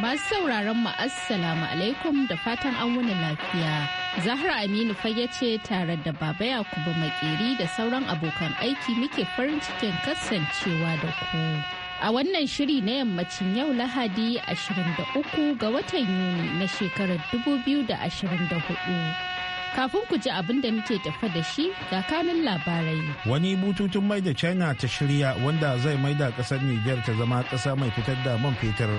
Masu sauraron mu assalamu alaikum da fatan an wuni lafiya. Zahra Aminu fage ce tare da Baba Yakubu Makeri da sauran abokan aiki muke farin cikin kasancewa da ku. A wannan shiri na yammacin yau Lahadi 23 ga watan Yuni na shekarar 2024. Kafin ku ji abin da muke tafa da shi ga kanin labarai. Wani bututun mai da China ta shirya wanda zai mai da ƙasar Nijar ta zama ƙasa mai fitar da man fetur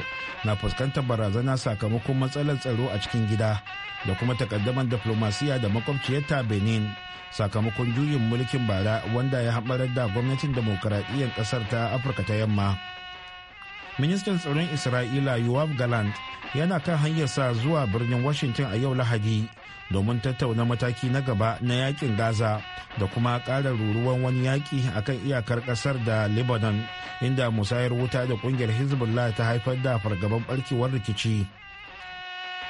na fuskantar barazana sakamakon matsalar tsaro a cikin gida da kuma takaddamar diplomasiya da makwabciyarta Benin sakamakon juyin mulkin bara wanda ya haɓarar da gwamnatin demokuraɗiyyar ƙasar ta Afirka ta yamma. Ministan tsaron Isra'ila Yoav Galant yana kan hanyar sa zuwa birnin Washington a yau Lahadi. domin tattauna mataki na gaba na yakin gaza da kuma ƙara ruruwan wani yaƙi kan iyakar ƙasar da lebanon inda musayar wuta da ƙungiyar hezbollah ta haifar da fargaban ɓarkewar rikici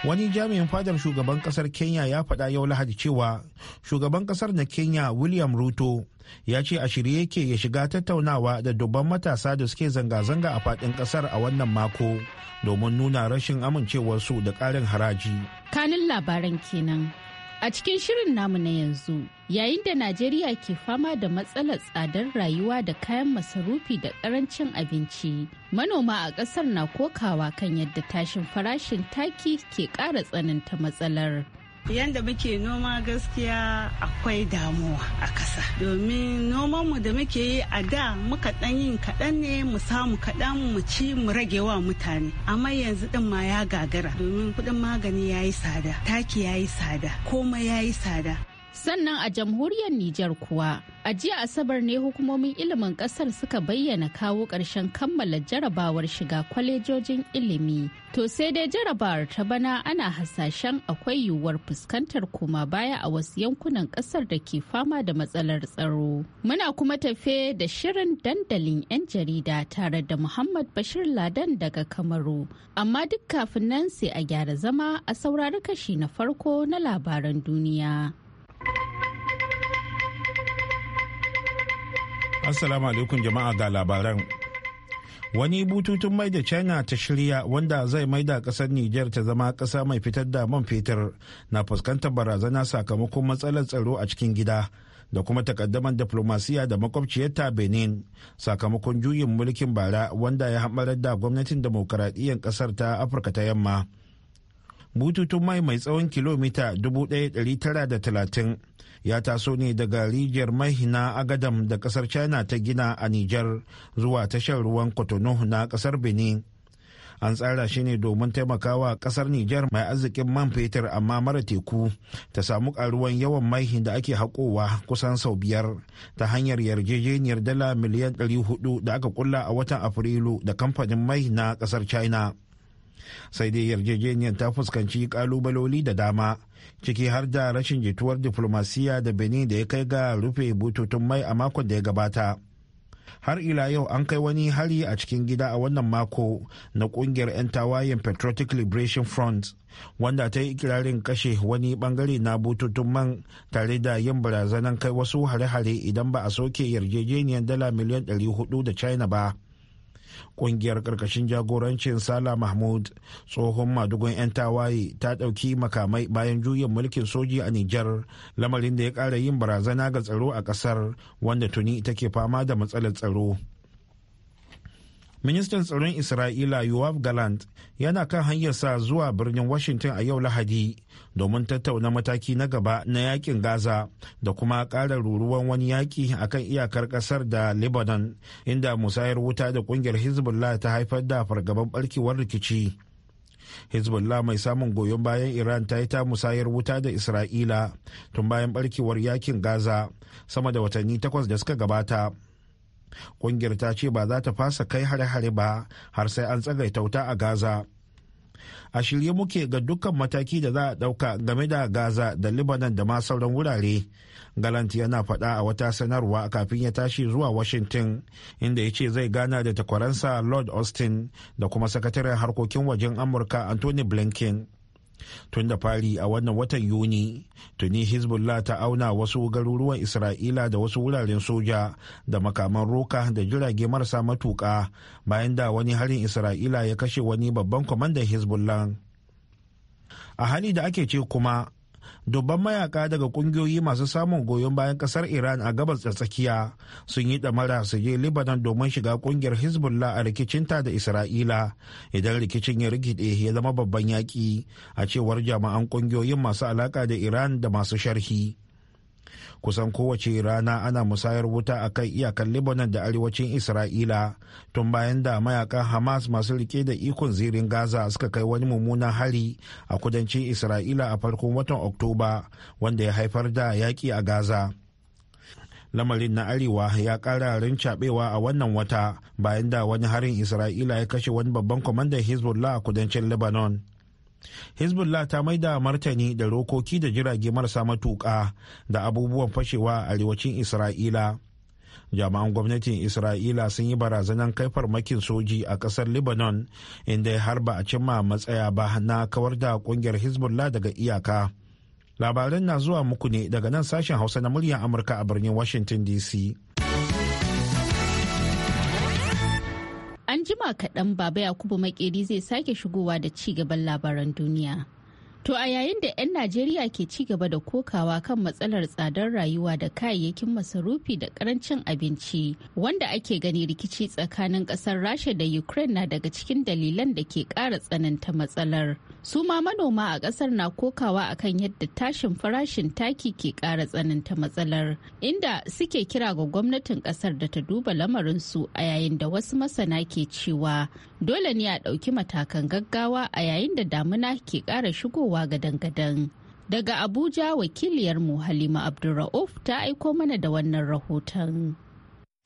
wani jami'in fadar shugaban kasar kenya ya faɗa yau lahadi cewa shugaban kasar na kenya william ruto ya ce a shirye yake ya shiga tattaunawa da dubban matasa da suke zanga-zanga a faɗin ƙasar a wannan mako domin nuna rashin amincewarsu da ƙarin haraji kanin labaran kenan A cikin shirin namu na yanzu, yayin da Najeriya ke fama da matsalar tsadar rayuwa da kayan masarufi da karancin abinci, manoma a ƙasar na kokawa kan yadda tashin farashin taki ke ƙara tsananta matsalar. Yanda muke noma gaskiya akwai damuwa a ƙasa. Domin nomanmu da muke yi a da muka ɗan yin kaɗan ne mu samu kaɗan mu ci mu rage wa mutane. Amma yanzu ɗin ma ya gagara domin kuɗin magani ya yi tsada, taki ya yi tsada, komai ya yi tsada. sannan a jamhuriyar Nijar kuwa a jiya asabar ne hukumomin ilimin kasar suka bayyana kawo ƙarshen kammala jarabawar shiga kwalejojin ilimi to sai dai jarabawar ta bana ana hasashen akwai yiwuwar fuskantar koma baya a wasu yankunan kasar da ke fama da matsalar tsaro muna kuma tafe da shirin dandalin 'yan jarida tare da muhammad bashir ladan daga kamaru amma duk kafin nan sai a gyara zama a saurari kashi na farko na labaran duniya Assalamu alaikum jama'a ga labaran. Wani bututun mai da China ta shirya wanda zai mai da kasar Nijar ta zama kasa mai fitar da man fetur na fuskantar barazana sakamakon matsalar tsaro a cikin gida da kuma takaddaman diplomasiya da makwabciyarta Benin sakamakon juyin mulkin bara wanda ya hamarar da gwamnatin demokaradiyyar kasar ta Afirka ta Yamma. bututun mai mai tsawon kilomita 1930 ya taso ne daga rijiyar mai na agadam da kasar china ta gina a nijar zuwa tashar ruwan cotonou na kasar benin an tsara shi ne domin taimakawa kasar nijar mai arzikin man fetur amma mara teku ta samu karuwan yawan mai da ake haƙowa kusan sau biyar ta hanyar yarjejeniyar dala miliyan 400 da aka kulla a watan afrilu da kamfanin mai na kasar china sai dai yarjejeniyar ta fuskanci kalubaloli da dama ciki har da rashin jituwar diflomasiyya da benin da ya kai ga rufe bututun mai a makon da ya gabata har ila yau an kai wani hari a cikin gida a wannan mako na kungiyar 'yan tawayen patriotic liberation front wanda ta yi ikirarin kashe wani bangare na bututun man tare da yin barazanan kai wasu hare-hare idan ba a soke yarjejeniyar dala miliyan 400 da china ba kungiyar karkashin jagorancin sala mahmud tsohon madugun 'yan tawaye ta ɗauki makamai bayan juyin mulkin soji a nijar lamarin da ya ƙara yin barazana ga tsaro a ƙasar wanda tuni take fama da matsalar tsaro ministan tsaron isra'ila yoav galant yana kan hanyar sa zuwa birnin washington a yau lahadi domin tattauna mataki na gaba na yakin gaza da kuma ƙara ruruwan wani yaki kan iyakar kasar da lebanon inda musayar wuta da kungiyar hezbollah ta haifar da fargaban barkewar rikici hezbollah mai samun goyon bayan iran ta yi ta musayar wuta da isra'ila tun bayan barkewar yakin gaza sama da watanni takwas da suka gabata kungiyar ta ce ba za ta fasa kai hare-hare ba har sai an tsagaita wuta a Gaza. A shirye muke ga dukkan mataki da za a dauka game da Gaza da Libanon da ma sauran wurare. Galant yana faɗa a wata sanarwa kafin ya tashi zuwa Washington, inda ya ce zai gana da takwaransa Lord Austin da kuma sakataren harkokin wajen Amurka Anthony Blinken. tun da fari a wannan watan yuni tuni hezbollah ta auna wasu garuruwan isra'ila da wasu wuraren soja da makaman roka da jirage marasa matuka bayan da wani harin isra'ila ya kashe wani babban kwamandan hezbollah a hali da ake ce kuma dubban mayaka daga kungiyoyi masu samun goyon bayan kasar iran a gabas da tsakiya sun yi damara su je libanon domin shiga kungiyar hezbollah a rikicinta da isra'ila idan rikicin ya rikide ya zama babban yaki a cewar jami'an kungiyoyin masu alaka da iran da masu sharhi kusan kowace rana ana musayar wuta a kan iyakar libanon da arewacin isra'ila tun bayan da mayakan hamas masu rike da ikon zirin gaza suka kai wani mummunan hari a kudancin isra'ila a farkon watan oktoba wanda ya haifar da yaƙi a gaza lamarin na arewa ya ƙara rincaɓewa a wannan wata bayan da wani harin isra'ila ya kashe wani babban kwamandan hezbollah a kudancin lebanon hezbollah ta maida martani da rokoki da jirage marasa matuƙa da abubuwan fashewa a arewacin isra'ila jami'an gwamnatin isra'ila sun yi barazanar kai farmakin soji a ƙasar lebanon inda har ba a cimma matsaya ba na kawar da ƙungiyar hezbollah daga iyaka labaran na zuwa muku ne daga nan sashen hausa na muryar amurka a birnin washington dc An jima kaɗan Baba Yakubu Makeri zai sake shigowa da ci gaban labaran duniya. To a yayin da 'yan Najeriya ke ci gaba da kokawa kan matsalar tsadar rayuwa da kayayyakin masarufi da karancin abinci wanda ake gani rikici tsakanin kasar Rasha da Ukraine na daga cikin dalilan da ke ƙara tsananta matsalar. Su ma manoma a ƙasar na kokawa akan yadda tashin farashin taki ke ƙara tsananta matsalar, inda suke kira ga gwamnatin ƙasar da ta duba lamarinsu a yayin da wasu masana ke cewa dole ne a ɗauki matakan gaggawa a yayin da damuna ke ƙara shigo? dawowa gadan dangadan. Daga Abuja wakiliyarmu Halima Abdulra'uf ta aiko mana da wannan rahoton.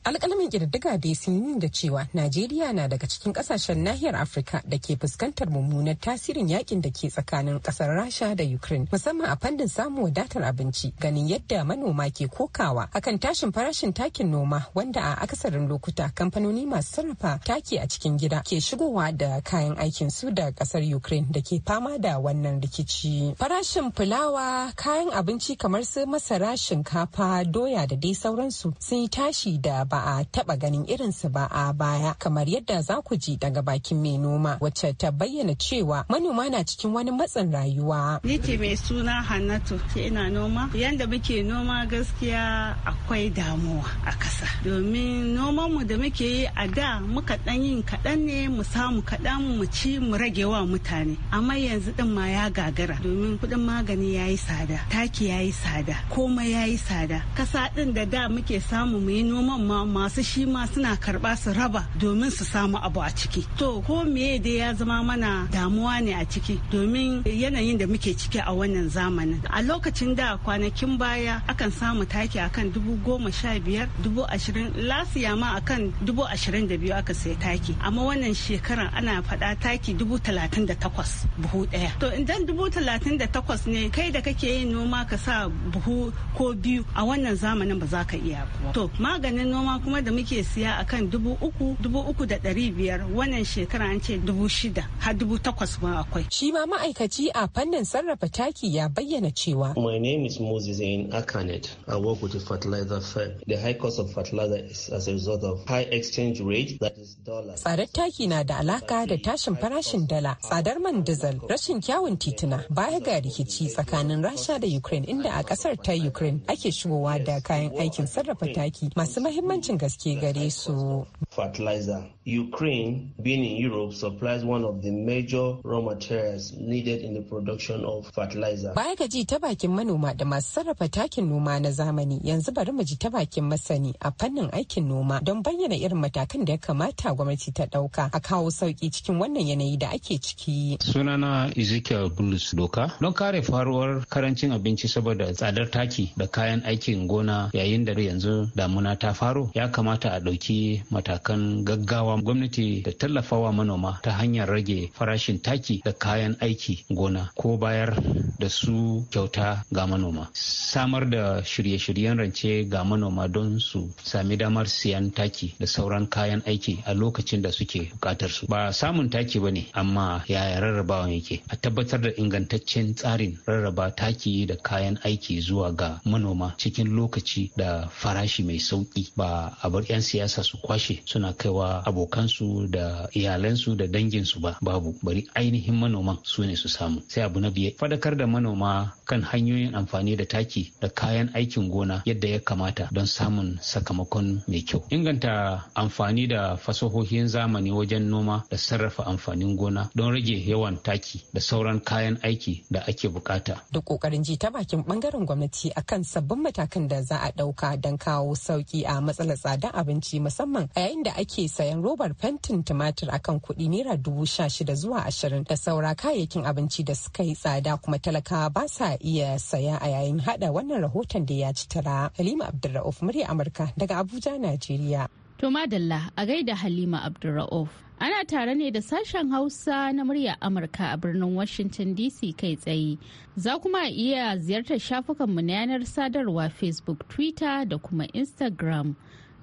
Alkalamin ƙididdiga dai sun yi da cewa najeriya na daga cikin ƙasashen nahiyar afirka da ke fuskantar mummunar tasirin yakin da ke tsakanin ƙasar rasha da ukraine musamman a fannin samun wadatar abinci ganin yadda manoma ke kokawa akan tashin farashin takin noma wanda a akasarin lokuta kamfanoni masu sarrafa taki a cikin gida ke shigowa da kayan aikin su da ƙasar ukraine da ke fama da wannan rikici farashin fulawa kayan abinci kamar su masara shinkafa doya da dai sauransu sun yi tashi da ba a taba ganin irinsu ba a baya kamar yadda za ku ji daga bakin mai noma wacce ta bayyana cewa manoma na cikin wani matsin rayuwa. Ni mai suna Hannatu ke ina noma. Yanda muke noma gaskiya akwai damuwa a kasa. Domin noman mu da muke yi a da muka dan yin kaɗan ne mu samu kaɗan mu ci mu rage wa mutane. Amma yanzu din ma ya gagara domin kuɗin magani ya yi tsada, taki ya yi tsada, komai ya yi tsada. Kasa ɗin da da muke samu mu yi noman ma masu shi ma suna karba su raba domin su samu abu a ciki to ko meye dai ya zama mana damuwa ne a ciki domin yanayin da muke ciki a wannan zamanin a lokacin da kwanakin baya akan samu taki akan dubu goma sha biyar dubu ashirin lasiya ma akan dubu ashirin da biyu aka sai taki amma wannan shekaran ana faɗa taki dubu talatin da takwas buhu ɗaya to idan dubu talatin da takwas ne kai da kake yin noma ka sa buhu ko biyu a wannan zamanin ba za ka iya to maganin noma kuma da muke siya a kan dubu uku dubu uku da ɗari biyar wannan shekara an ce dubu shida har dubu takwas ma akwai. Shi ma ma'aikaci a fannin sarrafa taki ya bayyana cewa. My name is Moses in Akanet. I work with the fertilizer firm. The high cost of fertilizer is as a result of high exchange rate that is dollar. Tsadar taki na da alaka da tashin farashin dala, tsadar man dizal, rashin kyawun tituna, baya ga rikici tsakanin Rasha da Ukraine inda a kasar ta Ukraine ake shigowa da kayan aikin sarrafa taki masu mahimmanci muhimmancin gaske gare su. Fertilizer. Ukraine, being in Europe, supplies one of the major raw materials needed in the production of fertilizer. Baya ga ji ta bakin manoma da masu sarrafa takin noma na zamani yanzu bari mu ji ta bakin masani a fannin aikin noma don bayyana irin matakan da ya kamata gwamnati ta dauka a kawo sauki cikin wannan yanayi da ake ciki. Sunana Ezekiel Bulus Doka don kare faruwar karancin abinci saboda tsadar taki da kayan aikin gona yayin da yanzu damuna ta faru. ya kamata a ɗauki matakan gaggawa gwamnati da tallafawa manoma ta hanyar rage farashin taki da kayan aiki gona ko bayar da su kyauta ga manoma samar da shirye-shiryen rance ga manoma don su sami damar siyan taki da sauran kayan aiki a lokacin da suke bukatar su ba samun taki ba ne amma yaya rarrabawan yake a tabbatar da ingantaccen tsarin rarraba taki da kayan aiki zuwa ga manoma cikin lokaci da farashi mai sauki ba a bar 'yan siyasa su kwashe suna kaiwa abokansu da iyalansu da danginsu ba babu bari ainihin manoman su ne su samu sai abu na biye fadakar da manoma kan hanyoyin amfani da taki da kayan aikin gona yadda ya kamata don samun sakamakon mai kyau inganta amfani da fasahohin zamani wajen noma da sarrafa amfanin gona don rage yawan taki da sauran kayan aiki da ake bukata Duk kokarin ji ta bakin bangaren gwamnati akan sabbin matakan da za a dauka don kawo sauki a matsalar matsalar tsadar abinci musamman a yayin da ake sayan robar fentin tumatir akan kuɗi naira dubu sha shida zuwa ashirin da saura kayayyakin abinci da suka yi tsada kuma talakawa ba sa iya saya a yayin hada wannan rahoton da ya ci tara halima abdulra'uf murya amurka daga abuja najeriya To madalla a gaida Halima Abdulra'uf. Ana tare ne da sashen Hausa na murya Amurka a birnin Washington DC kai tsaye. Za kuma iya ziyartar shafukanmu na yanar sadarwa Facebook, Twitter da kuma Instagram.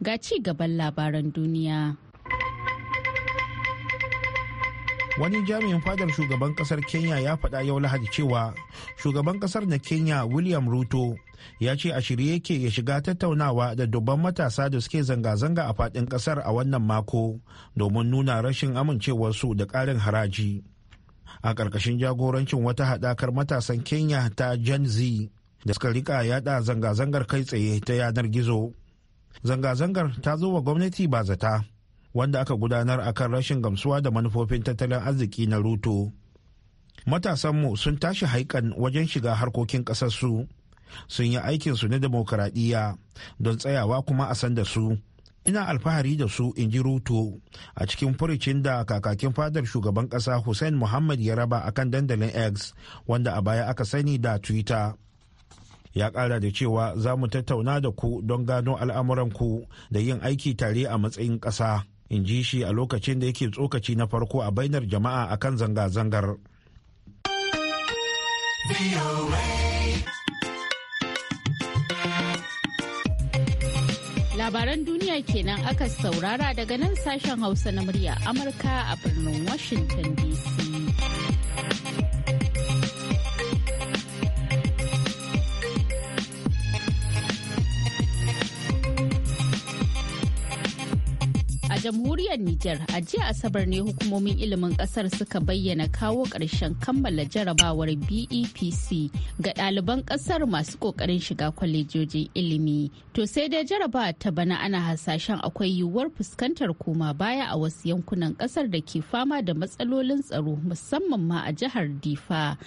Ga ci gaban labaran duniya. wani jami'in fadar shugaban kasar kenya ya faɗa yau lahadi cewa shugaban kasar na kenya william ruto ya ce a shirye yake ya shiga tattaunawa da dubban matasa da suke zanga-zanga a faɗin kasar a wannan mako domin nuna rashin amincewarsu da ƙarin haraji a ƙarƙashin jagorancin wata haɗakar matasan kenya ta gen z da suka rika yada zanga-zangar kai tsaye ta yanar gizo zanga-zangar ta zo wa gwamnati ba zata wanda aka gudanar a kan rashin gamsuwa da manufofin tattalin arziki na ruto matasanmu sun tashi haikan wajen shiga harkokin ƙasarsu sun yi aikinsu na demokaradiyya don tsayawa kuma a san da su ina alfahari da su in ji ruto a cikin furicin da kakakin fadar shugaban ƙasa hussein muhammad ya raba a kan dandalin x wanda a baya aka sani da twitter ya kara da cewa za mu tattauna da ku don gano al'amuranku da yin aiki tare a matsayin ƙasa. in ji shi a lokacin da yake tsokaci na farko a bainar jama'a akan zanga-zangar labaran duniya kenan aka saurara daga nan sashen hausa na murya amurka a birnin washington dc jamhuriyar Nijar a jiya Asabar ne hukumomin ilimin kasar suka bayyana kawo ƙarshen kammala jarabawar BEPC ga ɗaliban ƙasar masu ƙoƙarin shiga kwalejojin ilimi. To sai dai jaraba ta bana ana hasashen akwai yiwuwar fuskantar koma baya a wasu yankunan kasar da ke fama da matsalolin tsaro musamman ma a jihar Difa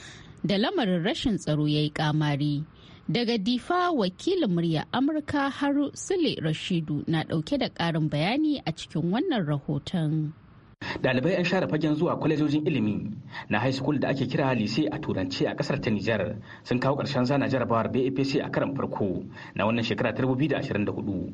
da lamarin rashin tsaro ya yi ƙamari. Daga Difa wakilin murya Amurka Haru Sule Rashidu na dauke da karin bayani a cikin wannan rahoton. Ɗalibai 'yan share fagen zuwa kwalejojin ilimi na high school da ake kira lise a turance a kasar ta Nijar sun kawo ƙarshen zana jarabawar BAPC a karan farko na wannan shekara ta 2024.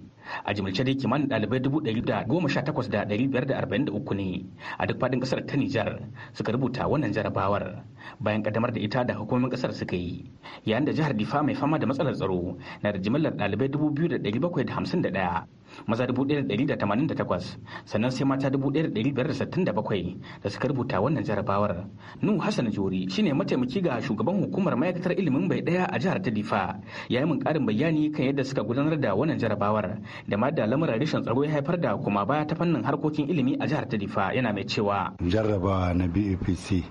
A jimilce dai kimanin ɗalibai 118,543 ne a duk faɗin kasar ta Nijar suka rubuta wannan jarabawar bayan kaddamar da ita da hukumomin kasar suka yi. Yayin da jihar Difa mai fama da matsalar tsaro na da jimillar ɗalibai 2,751 maza 1,188 sannan sai mata 1,567 da suka rubuta wannan jarabawar. Nuhu Hassan Jori shine mataimaki ga shugaban hukumar ma'aikatar ilimin bai daya a jihar ta Difa ya yi min karin bayani kan yadda suka gudanar da wannan jarabawar da ma da lamuran rashin tsaro ya haifar da kuma baya ta fannin harkokin ilimi a jihar ta Difa yana mai cewa. Jarrabawa na BAPC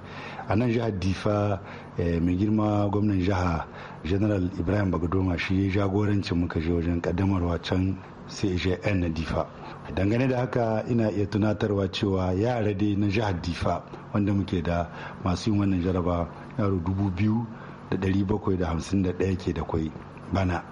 a nan jihar Difa eh, mai girma gwamnan jiha General Ibrahim Bagadoma shi ya jagorancin muka je wajen kaddamarwa can cjn na difa dangane da haka ina iya tunatarwa cewa yara dai na jihar difa wanda muke da masu yin wannan jaraba yaro dubu biyu da dari bakwai da hamsin da ɗaya ke da kwai bana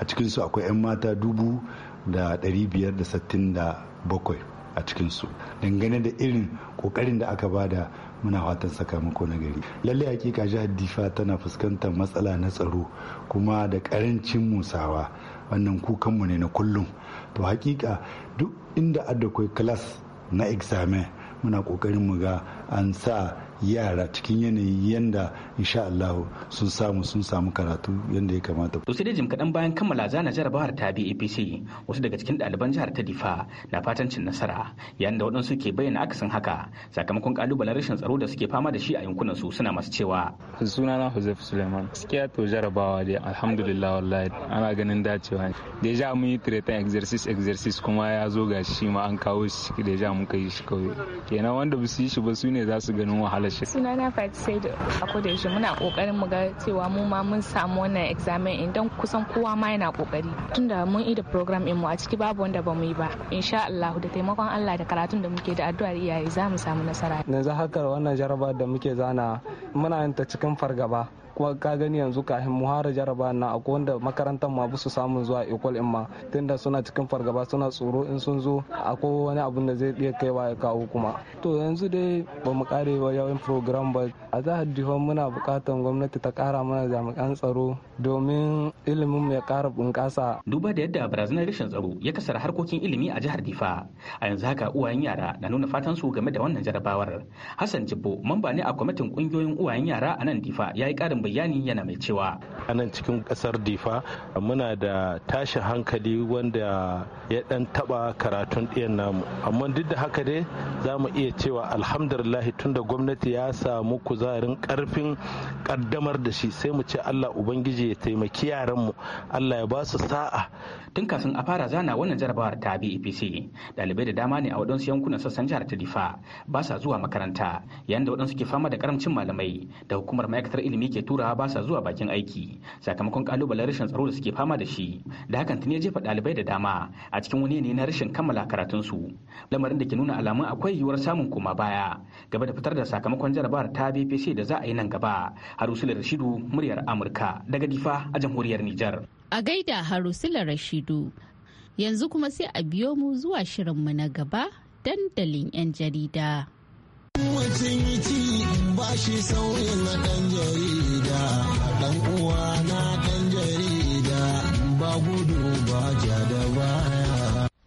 a cikinsu akwai 'yan mata dubu da dari biyar da sittin da bakwai a cikinsu dangane da irin kokarin da aka bada muna fatan sakamako na gari lalle hakika jihar difa tana fuskantar matsala na tsaro kuma da ƙarancin musawa wannan kukanmu ne na kullum to hakika duk inda adda class na examen muna kokarin mu ga an sa yara cikin yanayi yanda insha Allah sun samu sun samu karatu yanda ya kamata. To sai dai jim kaɗan bayan kammala zana jarabawar ta apc wasu daga cikin ɗaliban jihar ta Difa na fatan cin nasara yayin da waɗansu ke bayyana akasin haka sakamakon ƙalubalen rashin tsaro da suke fama da shi a yankunan su suna masu cewa. Sunana Hussein Suleiman. Gaskiya to jarabawa dai alhamdulillah wallahi ana ganin dacewa. Deja mun yi tiretan exercise exercise kuma ya zo ga shi ma an kawo shi deja mun kai shi kawai. Kenan wanda ba su yi shi ba su ne za su ganin wahala da shi sunana fati sai da a koda yaushe muna kokarin mu ga cewa mu ma mun samu wannan examen idan kusan kowa ma yana kokari tunda mun yi da program din mu a ciki babu wanda ba mu yi ba insha Allah da taimakon Allah da karatun da muke da addu'ar iyaye za mu samu nasara yanzu haka wannan jaraba da muke zana muna yin ta cikin fargaba kuma ka gani yanzu kafin mu hara jaraba na akwai wanda makarantar ma su samun zuwa ikwal in ma tunda suna cikin fargaba suna tsoro in sun zo akwai wani abun da zai iya kaiwa ya kawo kuma to yanzu dai ba mu kare ba yawan program ba a zahar dihon muna bukatan gwamnati ta kara mana jami'an tsaro domin ilimin ya kara bunƙasa duba da yadda barazanar rashin tsaro ya kasar harkokin ilimi a jihar difa a yanzu haka uwayen yara na nuna fatan su game da wannan jarabawar hassan jibbo mamba ne a kwamitin kungiyoyin uwayen yara a nan difa ya yi ƙarin bayani yana mai cewa a nan cikin kasar difa muna da tashin hankali wanda ya dan taba karatun ɗiyan namu amma duk da haka dai za mu iya cewa alhamdulillah tunda gwamnati ya samu kuzarin karfin kaddamar da shi sai mu ce allah ubangiji ya taimaki yaranmu allah ya ba su sa'a tun kafin a fara zana wannan jarabawar ta bepc ɗalibai da dama ne a waɗansu yankunan sassan jihar ta difa ba sa zuwa makaranta yayin da waɗansu ke fama da karamcin malamai da hukumar ma'aikatar ilimi ke tura turawa ba sa zuwa bakin aiki sakamakon kalubalen rashin tsaro da suke fama da shi da hakan tuni ya jefa dalibai da dama a cikin wani yanayi na rashin kammala karatunsu lamarin da ke nuna alamun akwai yiwuwar samun koma baya gaba da fitar da sakamakon jarabawar ta bpc da za a yi nan gaba harusula rashidu muryar amurka daga difa a jamhuriyar nijar a gaida harusula rashidu yanzu kuma sai a biyo mu zuwa shirin mu na gaba dandalin 'yan jarida. Mutum yi ci ba shi sauyin na ɗan jarida, ɗan uwa na ɗan jarida ba gudu ba jada ba.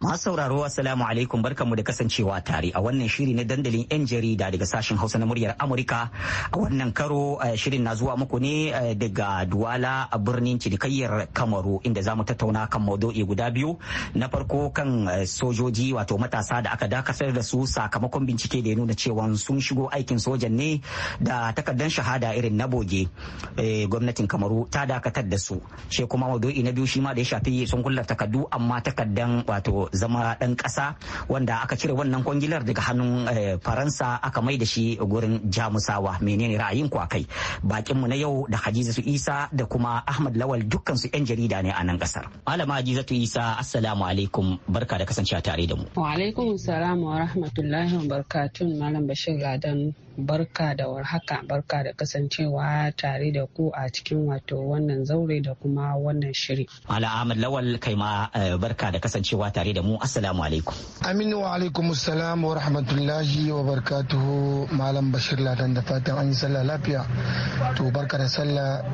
Masu sauraro Assalamu alaikum barkanmu da kasancewa tare a wannan shiri na dandalin 'yan jarida daga sashen Hausa na muryar Amurka. A wannan karo eh, shirin na zuwa muku ne eh, daga Duwala a birnin cinikayyar Kamaru inda za mu tattauna kan maudu'i guda biyu. Na farko kan eh, sojoji wato matasa da aka dakatar da su sakamakon bincike da ya nuna cewa sun shigo aikin sojan ne da takardar shahada irin na boge. Gwamnatin Kamaru ta dakatar da su. Sai kuma maudu'i na biyu shi ma da ya shafi sun kullar takardu amma takardar wato zama ɗan ƙasa wanda aka cire wannan kwangilar daga hannun eh, faransa aka mai da shi gurin jamusawa menene ra'ayin ku a kai bakinmu na yau da hajizatu isa da kuma ahmad lawal dukkan su 'yan jarida ne a nan ƙasar malama hajizatu isa assalamu alaikum barka da kasancewa tare da mu wa alaikum assalamu wa rahmatullahi wa barakatun malam bashir ladan Barka da warhaka, barka da kasancewa tare da ku a cikin wato wannan zaure da kuma wannan shiri. Malam Ahmad Lawal kai ma eh, barka da kasancewa tare da mu Assalamu alaikum. Aminu wa alaikum assalam wa rahmatullahi wa barkatuhu Malam Bashir Ladan da fatan an yi sallah lafiya. To barka da sallah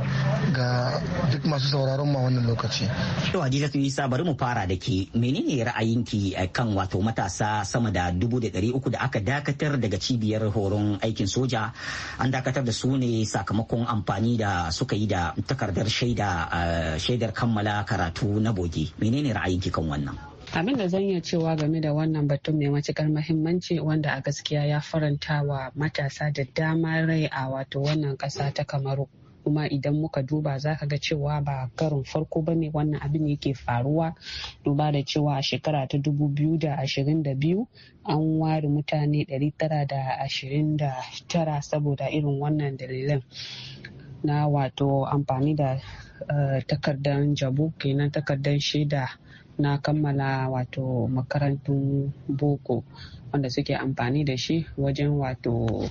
ga duk masu sauraron ma wannan lokaci. hadiza Hadizatu Isa bari mu fara da ke menene ra'ayinki eh, kan wato matasa sama da dubu da ɗari uku da aka dakatar daga cibiyar horon aiki aikin soja an dakatar da su ne sakamakon amfani da suka yi da takardar eh, shaidar kammala karatu na boge menene ra'ayinki kan wannan abin da zan iya cewa game da wannan batun mai matukar mahimmanci wanda a gaskiya ya faranta wa matasa da dama rai a wato wannan kasa ta kamaru kuma idan muka duba za ka ga cewa ba karin farko ba ne wannan abin yake faruwa duba da cewa a shekara ta 2022 an ware mutane 929 saboda irin wannan dalilan na wato amfani da eh, takardar jabu kenan takardar shaida na kammala wato makarantun boko wanda suke amfani da shi wajen wato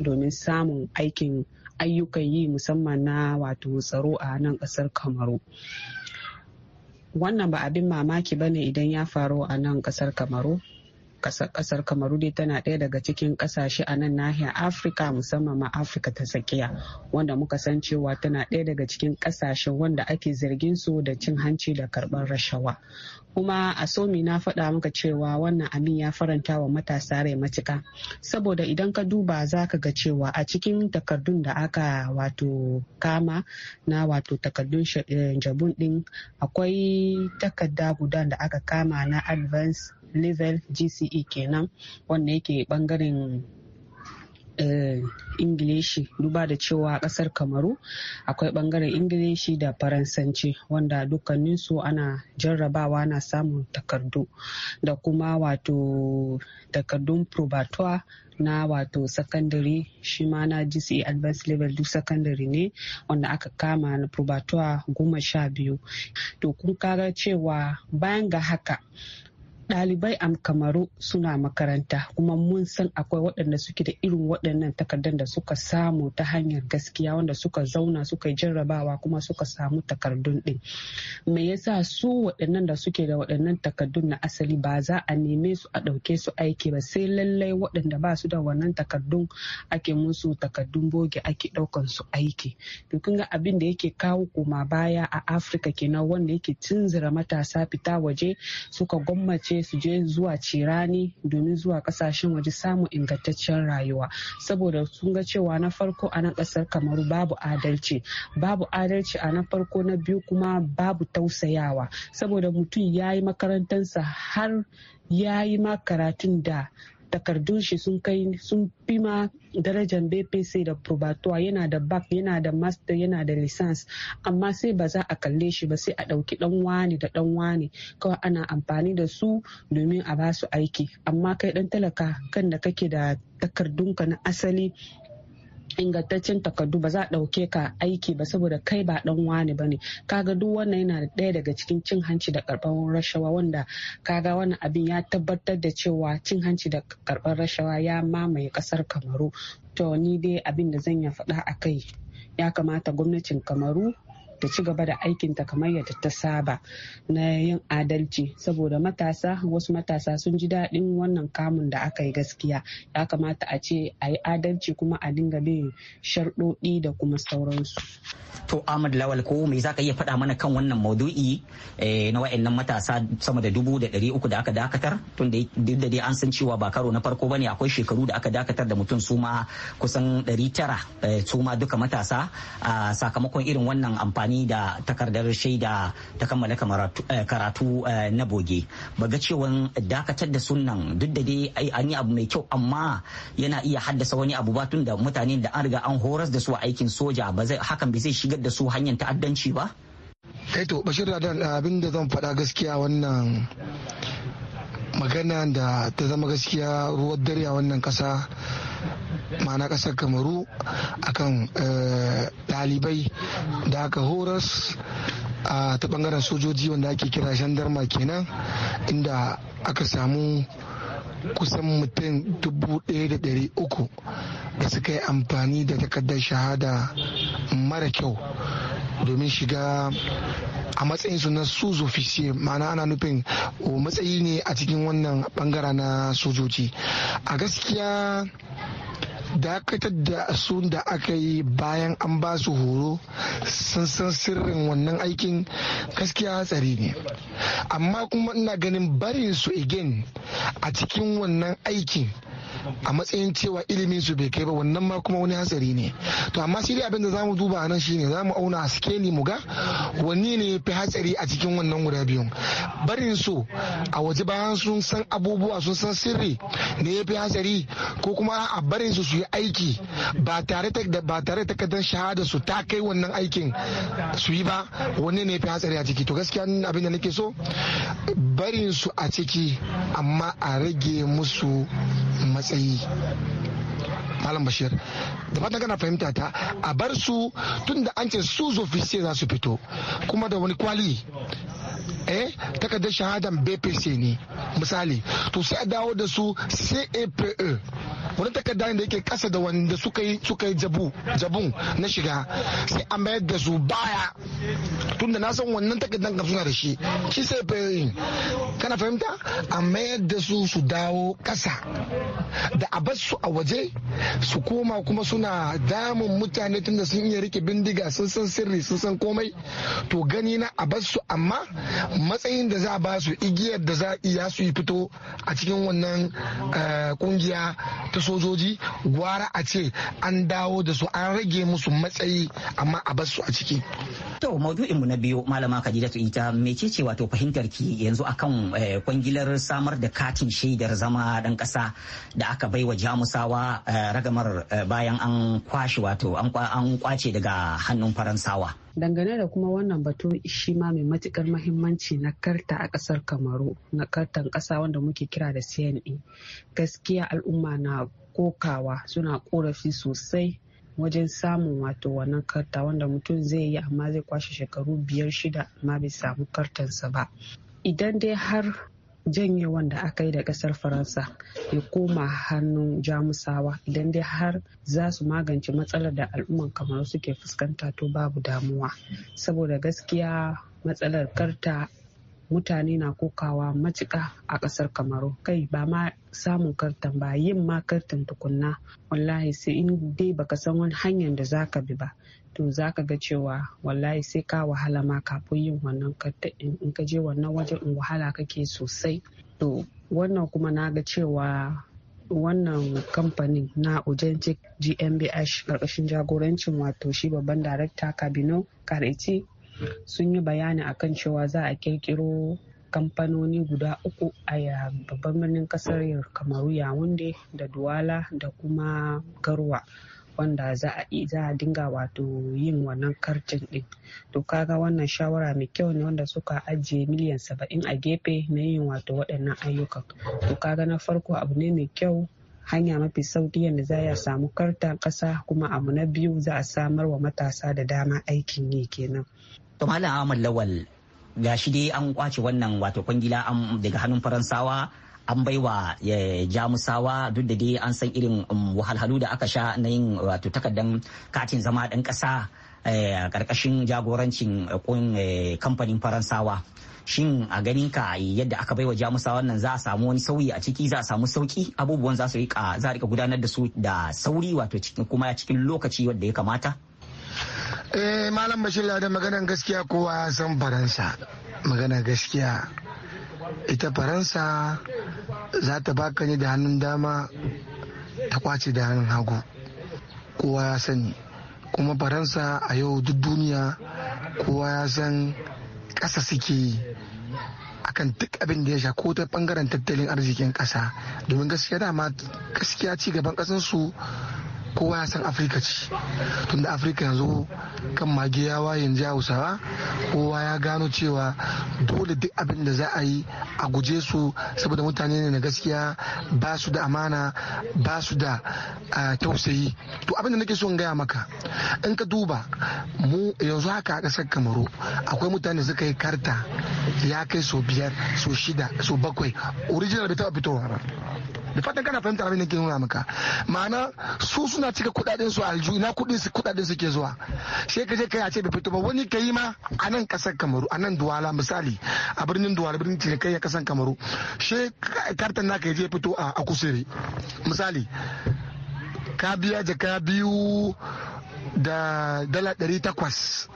domin samun aikin ayyukan yi musamman na wato tsaro a nan kasar kamaru wannan ba abin mamaki ba ne idan ya faru a nan kasar kamaru kasar kamaru dai tana ɗaya daga cikin ƙasashe a nan nahiyar afirka musamman ma afirka ta tsakiya wanda muka san cewa tana ɗaya daga cikin kasashen wanda ake zargin su da cin hanci da karɓar rashawa kuma a somi na faɗa maka cewa wannan amin ya faranta wa matasa rai matuka saboda idan ka duba za ka ga cewa a cikin takardun da aka wato kama na wato takardun eh, jabun ɗin akwai takarda guda da aka kama na advance level gce kenan wanda yake bangaren eh, ingilishi duba da cewa kasar kamaru akwai bangaren ingilishi da faransanci wanda dukkaninsu ana jarrabawa na samun takardu da kuma wato takardun probatoire na wato secondary shi ma na gce advanced level duk secondary ne wanda aka kama na probatoire goma sha biyu to kun kaga cewa bayan ga haka dalibai a kamaru suna makaranta kuma mun san akwai waɗanda suke da irin waɗannan takardun da suka samu ta hanyar gaskiya wanda suka zauna suka yi jarrabawa kuma suka samu takardun ɗin me yasa su waɗannan da suke da waɗannan takardun na asali ba za a neme su a ɗauke su aiki ba sai lallai waɗanda ba su da wannan takardun ake musu takardun boge ake ɗaukan su aiki to kun ga abin da yake kawo koma baya a afirka kenan wanda yake cinzira matasa fita waje suka gwammace su je zuwa cirani domin zuwa kasashen waje samun ingantaccen rayuwa saboda sun ga cewa na farko a nan kasar kamaru babu adalci babu adalci a na farko na biyu kuma babu tausayawa saboda mutum ya yi makarantarsa har ya yi ma da takardun shi sun kai sun fi ma darajar bpc da probatoire yana da bak yana da master yana da license amma sai ba za a kalle shi ba sai a ɗauki ɗan wani da ɗan wani kawai ana amfani da su domin a basu aiki amma kai ɗan talaka kan da kake da takardunka na asali ingantaccen takardu ba za a ɗauke ka aiki ba saboda kai ba ɗan wani ba ne kaga duk wannan yana ɗaya daga cikin cin hanci da karɓar rashawa wanda kaga wannan abin ya tabbatar da cewa cin hanci da karban rashawa ya mamaye kasar kamaru to ni dai abin da zan ya faɗa a kai ya kamata gwamnatin kamaru ta ci gaba da aikinta kamar yadda ta saba na yin adalci saboda matasa wasu matasa sun ji daɗin wannan kamun da aka yi gaskiya ya kamata a ce a yi adalci kuma a dinga bin sharɗoɗi da kuma sauransu. To Ahmad Lawal ko me za ka iya faɗa mana kan wannan maudu'i eh, na wa'annan matasa sama da dubu da ɗari uku da aka dakatar tun da duk da dai an san cewa ba karo na farko bane akwai shekaru da aka dakatar da mutum su kusan ɗari tara eh, su duka matasa a sakamakon irin wannan amfani amfani da takardar shaida ta kammala eh, karatu eh, na boge baga cewan dakatar da sunan duk da dai an yi abu mai kyau amma yana iya haddasa wani abu ba tun da mutane da an riga an horas da su a aikin soja ba zai hakan bai zai shigar da su hanyar ta'addanci ba kai eh to bashir da abin da zan faɗa gaskiya wannan magana da ta zama gaskiya ruwan dare a wannan kasa ma'ana kasar kamaru akan eh, ɗalibai da aka horas a ta bangaren sojoji wanda ake kira shandarma kenan inda aka samu kusan mutum dubu da ɗari uku da suka yi amfani da takardar shahada mara kyau domin shiga a matsayinsu na sous officier ma'ana ana nufin matsayi ne a cikin wannan bangara na sojoji a gaskiya dakatar da su da aka yi bayan an ba su horo sun san sirrin wannan aikin gaskiya hatsari ne amma kuma ina ganin barin su again a cikin wannan aikin a matsayin cewa ilimin su bai kai ba wannan ma kuma wani hatsari ne to amma shi dai abin da zamu duba nan shine zamu auna a skeli mu ga wanne ne fi hatsari a cikin wannan guda biyun barin su a waje bayan sun san abubuwa sun san sirri ne ya fi hatsari ko kuma a barin su su yi aiki ba tare da ba tare da takardar shahada su ta kai wannan aikin su yi ba wanne ne ya fi hatsari a ciki to gaskiya abin da nake so barin su a ciki amma a rage musu matsayi yi eh, malam bashir da fatan kana fahimta ta a bar su tun da an ce su zofice za su fito kuma da wani kwali eh takardar shahadan bpc ne misali to sai a dawo da su cape wani takarda ne da yake kasa da wanda suka yi suka yi jabu jabun na shiga sai a mayar da su baya tunda na san wannan takardar kan suna da shi shi sai fayin e kana fahimta a mayar da su su dawo kasa da a bar su a waje su koma kuma suna damun mutane tunda sun iya rike bindiga sun san sirri sun san komai to gani na a bar su amma matsayin da za ba su igiyar da za iya su yi fito a cikin wannan eh, kungiya ta sojoji gwara a ce an dawo da su an rage musu matsayi amma a bar su a ciki to mu na biyu malama ta ita mecece wato fahimtar ki yanzu akan eh, kwangilar samar da katin shaidar zama dan kasa da aka bai wa jamusawa eh, ragamar bayan an kwashe wato an kwace daga hannun faransawa dangane da kuma wannan batun shi ma mai matukar mahimmanci na karta a kasar kamaru na kartan kasa wanda muke kira da cna gaskiya al'umma na kokawa suna korafi sosai wajen samun wato wannan karta wanda mutum zai yi amma zai kwashe shekaru biyar shida amma bai samu kartansa ba idan dai har janye wanda aka yi da kasar faransa ya koma hannun jamusawa idan dai har za su magance matsalar da al'umman kamaru suke fuskanta to babu damuwa saboda gaskiya matsalar karta mutane na kokawa matuka a ƙasar kamaru kai ba ma samun kartan ba yin ma kartan tukunna wallahi sai in dai baka san wani hanyar da za ka bi ba to zaka ga cewa wallahi sai ka wahala ma kafin yin wannan kartan in ka je wannan wajen in wahala kake sosai to wannan kuma na ga cewa wannan kamfanin na Agentic GmbH karkashin jagorancin wato shi babban darakta Kabino Kareti sun yi bayani a kan cewa za a kirkiro kamfanoni guda uku a babban birnin kasar kamaru yawunde da duwala da kuma garwa wanda za a dinga wato yin wannan karcin din to kaga wannan shawara mai kyau ne wanda suka ajiye miliyan saba'in a gefe na yin wato waɗannan ayyukan to kaga na farko abu ne mai kyau hanya mafi sauki yadda za a samu kartan ƙasa kuma abu na biyu za a samar wa matasa da dama aikin yi kenan to malam Ahmad Lawal shi dai an kwace wannan wato kwangila daga hannun Faransawa an baiwa jamusawa duk da dai an san irin um, wahalhalu da aka sha na yin wato takardan katin zama ɗan ƙasa a eh, ƙarƙashin jagorancin eh, eh, kamfanin faransawa shin a ganin ka yadda aka baiwa jamusawa nan za a samu wani sauyi a ciki za a samu sauki abubuwan za su za a rika gudanar da su da sauri wato kuma cikin lokaci wanda ya kamata eh malam bashir da maganan gaskiya kowa ya san faransa magana gaskiya ita faransa za ta baka ni da hannun dama ta kwace da hannun hagu kowa ya sani kuma faransa a yau duk duniya kowa ya san kasa suke akan duk abin da ya sha ko ta bangaren tattalin arzikin kasa domin gaskiya dama gaskiya ci gaban kasansu kowa ya san afirka ce tunda afirka yanzu kan mage yawa yanzu ya hausawa kowa ya gano cewa dole duk abin da za a yi a guje su saboda mutane ne na gaskiya ba su da amana ba su da tausayi to abin da nake son gaya maka in ka duba mu yanzu haka a ƙasar kamaru akwai mutane suka yi karta ya kai so biyar so shida so bakwai original bai taɓa fitowa ba da fatan kana fahimtar abin da ke nuna maka ma'ana su suna cika kudaden su alju ina kudin su kudaden su ke zuwa sai ka je kai ce bai fito ba wani kai ma a nan kasar kamaru a nan duwala misali a birnin duwala birnin kai a kasar kamaru sai kartan na ya je fito a kusuri misali ka biya jaka biyu da dala ɗari takwas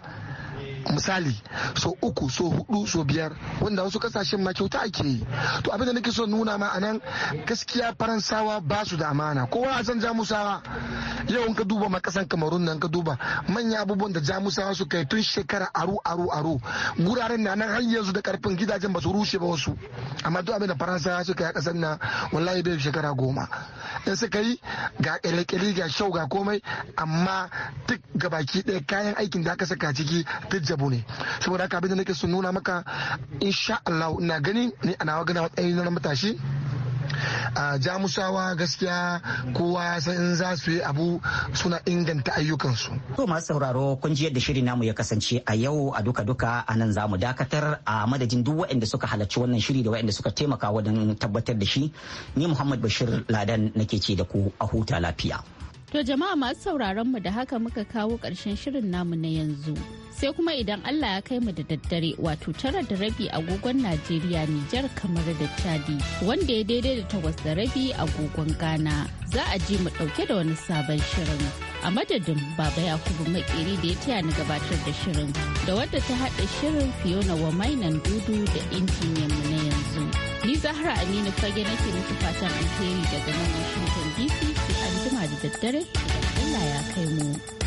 misali so uku so hudu so biyar wanda wasu kasashen ma kyauta ake yi to abin da nake so nuna ma anan gaskiya faransawa ba su da amana kowa a san jamusawa yau in ka duba ma kasan kamarun nan ka duba manya abubuwan da jamusawa suka yi tun shekara aru aru aru guraren na nan har yanzu da karfin gidajen ba su rushe ba wasu amma duk abin da faransawa suka yi a kasan nan wallahi bai shekara goma in suka yi ga kyalekyale ga shau ga komai amma duk gabaki ɗaya kayan aikin da aka saka ciki duk abu ne saboda haka abin nake so nuna maka insha Allah ina gani ni ana wa gana matsayin na matashi a jamusawa gaskiya kowa ya san in za su yi abu suna inganta ayyukansu. To masu sauraro kun ji yadda shirin namu ya kasance a yau a duka duka a nan za mu dakatar a madadin duk waɗanda suka halarci wannan shiri da waɗanda suka taimaka wajen tabbatar da shi ni Muhammad Bashir Ladan nake ce da ku a huta lafiya. To jama'a masu sauraron mu da haka muka kawo ƙarshen shirin namu na yanzu. Sai kuma idan Allah ya kai mu da daddare wato tara da rabi agogon Najeriya Nijar kamar da Chadi wanda ya daidai da takwas da rabi agogon Ghana. Za a ji mu ɗauke da wani sabon shirin. A madadin Baba Yakubu Makeri da ya taya ni gabatar da shirin da wadda ta haɗa shirin Fiona wa mainan dudu da injiniyan mu na yanzu. Ni Zahra Aminu fage nake muku fatan alheri daga nan Washington. an jima da daddare idan Allah ya kai mu.